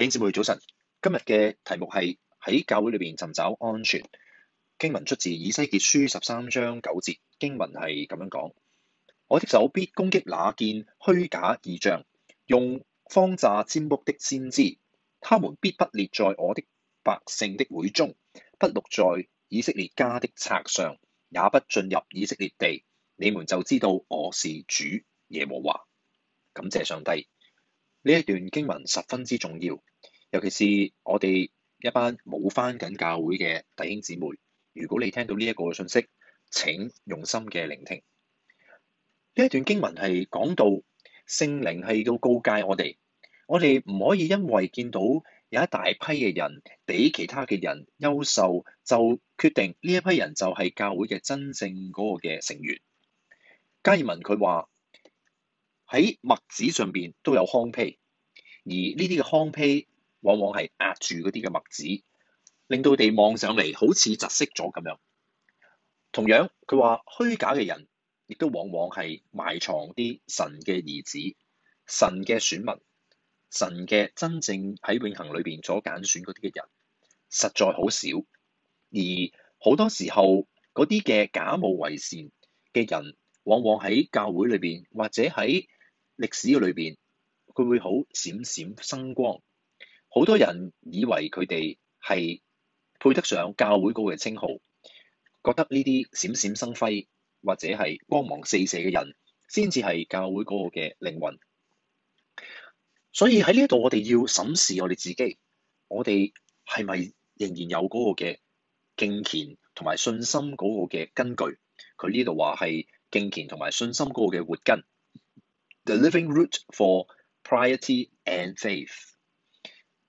弟兄姊妹早晨，今日嘅題目係喺教會裏邊尋找安全。經文出自以西結書十三章九節，經文係咁樣講：我的手必攻擊那見虛假異象、用方詐占卜的先知，他們必不列在我的百姓的會中，不錄在以色列家的冊上，也不進入以色列地。你們就知道我是主耶和華。感謝上帝。呢一段經文十分之重要，尤其是我哋一班冇返緊教會嘅弟兄姊妹，如果你聽到呢一個信息，請用心嘅聆聽。呢一段經文係講到聖靈係到高階，我哋我哋唔可以因為見到有一大批嘅人比其他嘅人優秀，就決定呢一批人就係教會嘅真正嗰個嘅成員。加爾文佢話。喺麥子上邊都有糠秕，而呢啲嘅糠秕往往係壓住嗰啲嘅麥子，令到佢哋望上嚟好似窒息咗咁樣。同樣，佢話虛假嘅人亦都往往係埋藏啲神嘅兒子，神嘅選民，神嘅真正喺永恆裏邊所揀選嗰啲嘅人，實在好少。而好多時候嗰啲嘅假冒為善嘅人，往往喺教會裏邊或者喺歷史嘅裏邊，佢會好閃閃生光，好多人以為佢哋係配得上教會嗰個稱號，覺得呢啲閃閃生輝或者係光芒四射嘅人，先至係教會嗰個嘅靈魂。所以喺呢度，我哋要審視我哋自己，我哋係咪仍然有嗰個嘅敬虔同埋信心嗰個嘅根據？佢呢度話係敬虔同埋信心嗰個嘅活根。The living root for piety and faith，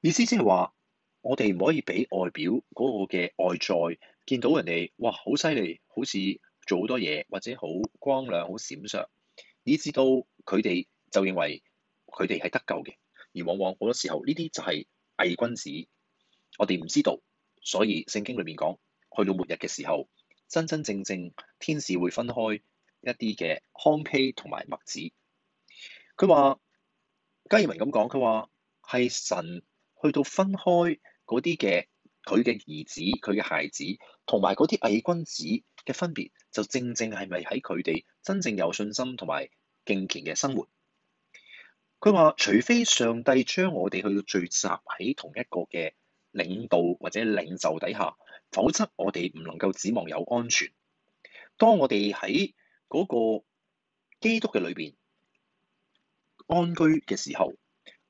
意思即係話，我哋唔可以俾外表嗰個嘅外在見到人哋哇好犀利，好似做好多嘢或者好光亮、好閃爍，以至到佢哋就認為佢哋係得救嘅。而往往好多時候呢啲就係偽君子，我哋唔知道，所以聖經裏面講去到末日嘅時候，真真正正天使會分開一啲嘅糠秕同埋麥子。佢話：加爾文咁講，佢話係神去到分開嗰啲嘅佢嘅兒子、佢嘅孩子，同埋嗰啲偽君子嘅分別，就正正係咪喺佢哋真正有信心同埋敬虔嘅生活？佢話：除非上帝將我哋去到聚集喺同一個嘅領導或者領袖底下，否則我哋唔能夠指望有安全。當我哋喺嗰個基督嘅裏邊安居嘅時候，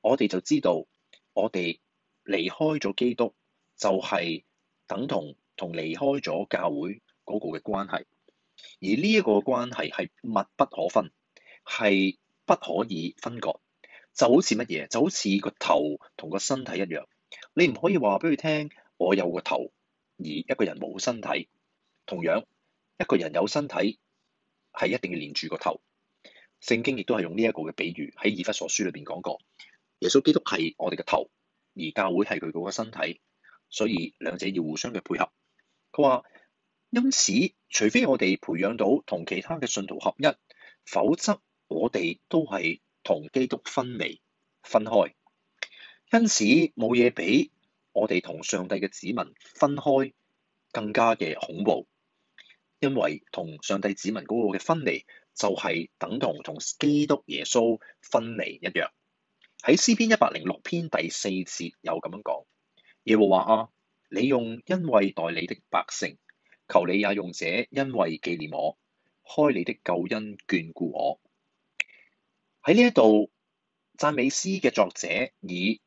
我哋就知道我哋離開咗基督，就係等同同離開咗教會嗰個嘅關係。而呢一個關係係密不可分，係不可以分割，就好似乜嘢？就好似個頭同個身體一樣。你唔可以話俾佢聽，我有個頭，而一個人冇身體。同樣，一個人有身體，係一定要連住個頭。聖經亦都係用呢一個嘅比喻，喺以弗所書裏邊講過，耶穌基督係我哋嘅頭，而教會係佢嗰個身體，所以兩者要互相嘅配合。佢話，因此除非我哋培養到同其他嘅信徒合一，否則我哋都係同基督分離分開。因此冇嘢比我哋同上帝嘅子民分開更加嘅恐怖，因為同上帝子民嗰個嘅分離，就係等同同基督耶穌分離一樣。喺詩篇一百零六篇第四節有咁樣講：耶和華啊，你用恩惠待你的百姓，求你也用這恩惠記念我，開你的救恩眷顧我。喺呢一度讚美詩嘅作者以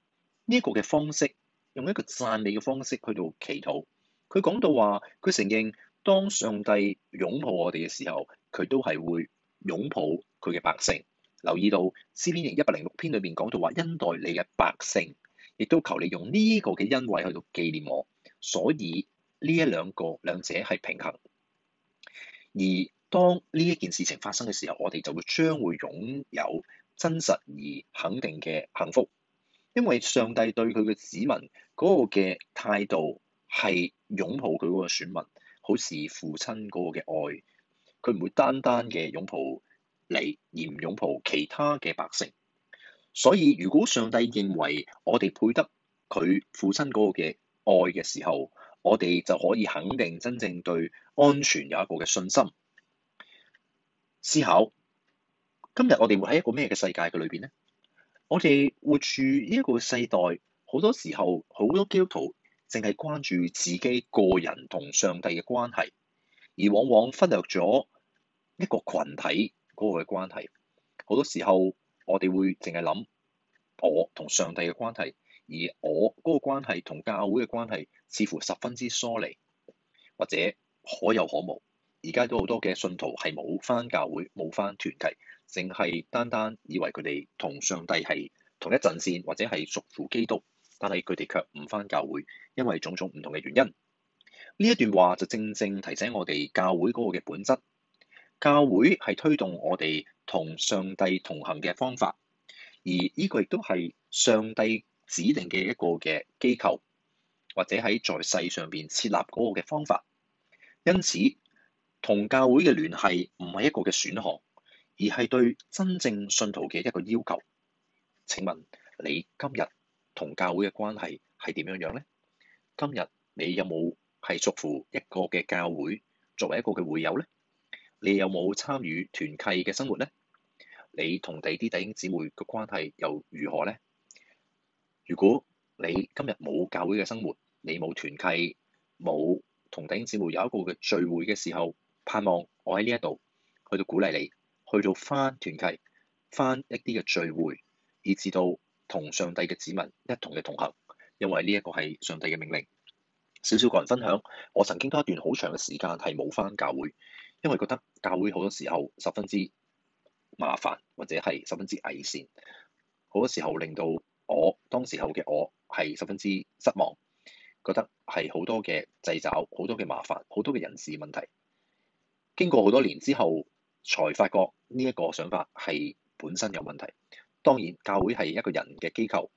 呢一個嘅方式，用一個讚美嘅方式去到祈禱。佢講到話，佢承認當上帝擁抱我哋嘅時候。佢都係會擁抱佢嘅百姓，留意到《詩篇》第一百零六篇裏面講到話，恩待你嘅百姓，亦都求你用呢個嘅恩惠去到紀念我。所以呢一兩個兩者係平衡。而當呢一件事情發生嘅時候，我哋就會將會擁有真實而肯定嘅幸福，因為上帝對佢嘅子民嗰個嘅態度係擁抱佢嗰個選民，好似父親嗰個嘅愛。佢唔會單單嘅擁抱你，而唔擁抱其他嘅百姓。所以，如果上帝認為我哋配得佢父親嗰個嘅愛嘅時候，我哋就可以肯定真正對安全有一個嘅信心。思考今日我哋會喺一個咩嘅世界嘅裏邊呢？我哋活住呢一個世代，好多時候好多基督徒淨係關注自己個人同上帝嘅關係，而往往忽略咗。一個群體嗰個嘅關係，好多時候我哋會淨係諗我同上帝嘅關係，而我嗰個關係同教會嘅關係，似乎十分之疏離或者可有可無。而家都好多嘅信徒係冇返教會、冇返團體，淨係單單以為佢哋同上帝係同一陣線或者係屬乎基督，但係佢哋卻唔返教會，因為種種唔同嘅原因。呢一段話就正正提醒我哋教會嗰個嘅本質。教會係推動我哋同上帝同行嘅方法，而呢個亦都係上帝指定嘅一個嘅機構，或者喺在，在世上邊設立嗰個嘅方法。因此，同教會嘅聯繫唔係一個嘅選項，而係對真正信徒嘅一個要求。請問你今日同教會嘅關係係點樣樣呢？今日你有冇係屬乎一個嘅教會，作為一個嘅會友呢？你有冇參與團契嘅生活呢？你同地啲弟兄姊妹嘅關係又如何呢？如果你今日冇教會嘅生活，你冇團契，冇同弟兄姊妹有一個嘅聚會嘅時候，盼望我喺呢一度去到鼓勵你，去到返團契，返一啲嘅聚會，以至到同上帝嘅子民一同嘅同行，因為呢一個係上帝嘅命令。少少個人分享，我曾經都一段好長嘅時間係冇返教會。因為覺得教會好多時候十分之麻煩，或者係十分之危險，好多時候令到我當時候嘅我係十分之失望，覺得係好多嘅掣肘，好多嘅麻煩，好多嘅人事問題。經過好多年之後，才發覺呢一個想法係本身有問題。當然，教會係一個人嘅機構，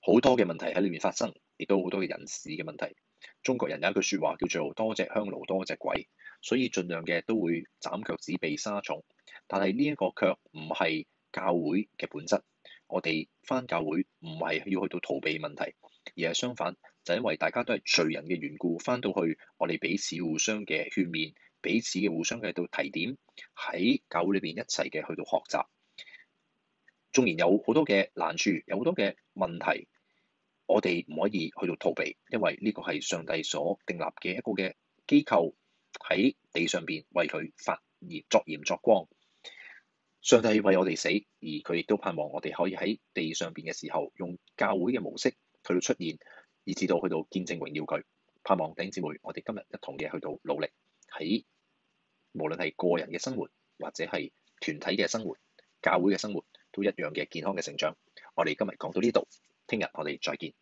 好多嘅問題喺裏面發生，亦都好多嘅人事嘅問題。中國人有一句說話叫做多隻香爐多隻鬼。所以，盡量嘅都會斬腳趾避沙蟲，但係呢一個卻唔係教會嘅本質。我哋返教會唔係要去到逃避問題，而係相反，就是、因為大家都係罪人嘅緣故，返到去我哋彼此互相嘅勸勉，彼此嘅互相嘅到提點，喺教會裏邊一齊嘅去到學習。縱然有好多嘅難處，有好多嘅問題，我哋唔可以去到逃避，因為呢個係上帝所定立嘅一個嘅機構。喺地上邊為佢發熱作鹽作光，上帝為我哋死，而佢亦都盼望我哋可以喺地上邊嘅時候，用教會嘅模式，去到出現，以至到去到見證榮耀佢，盼望弟兄姊妹，我哋今日一同嘅去到努力，喺無論係個人嘅生活或者係團體嘅生活，教會嘅生活，都一樣嘅健康嘅成長。我哋今日講到呢度，聽日我哋再見。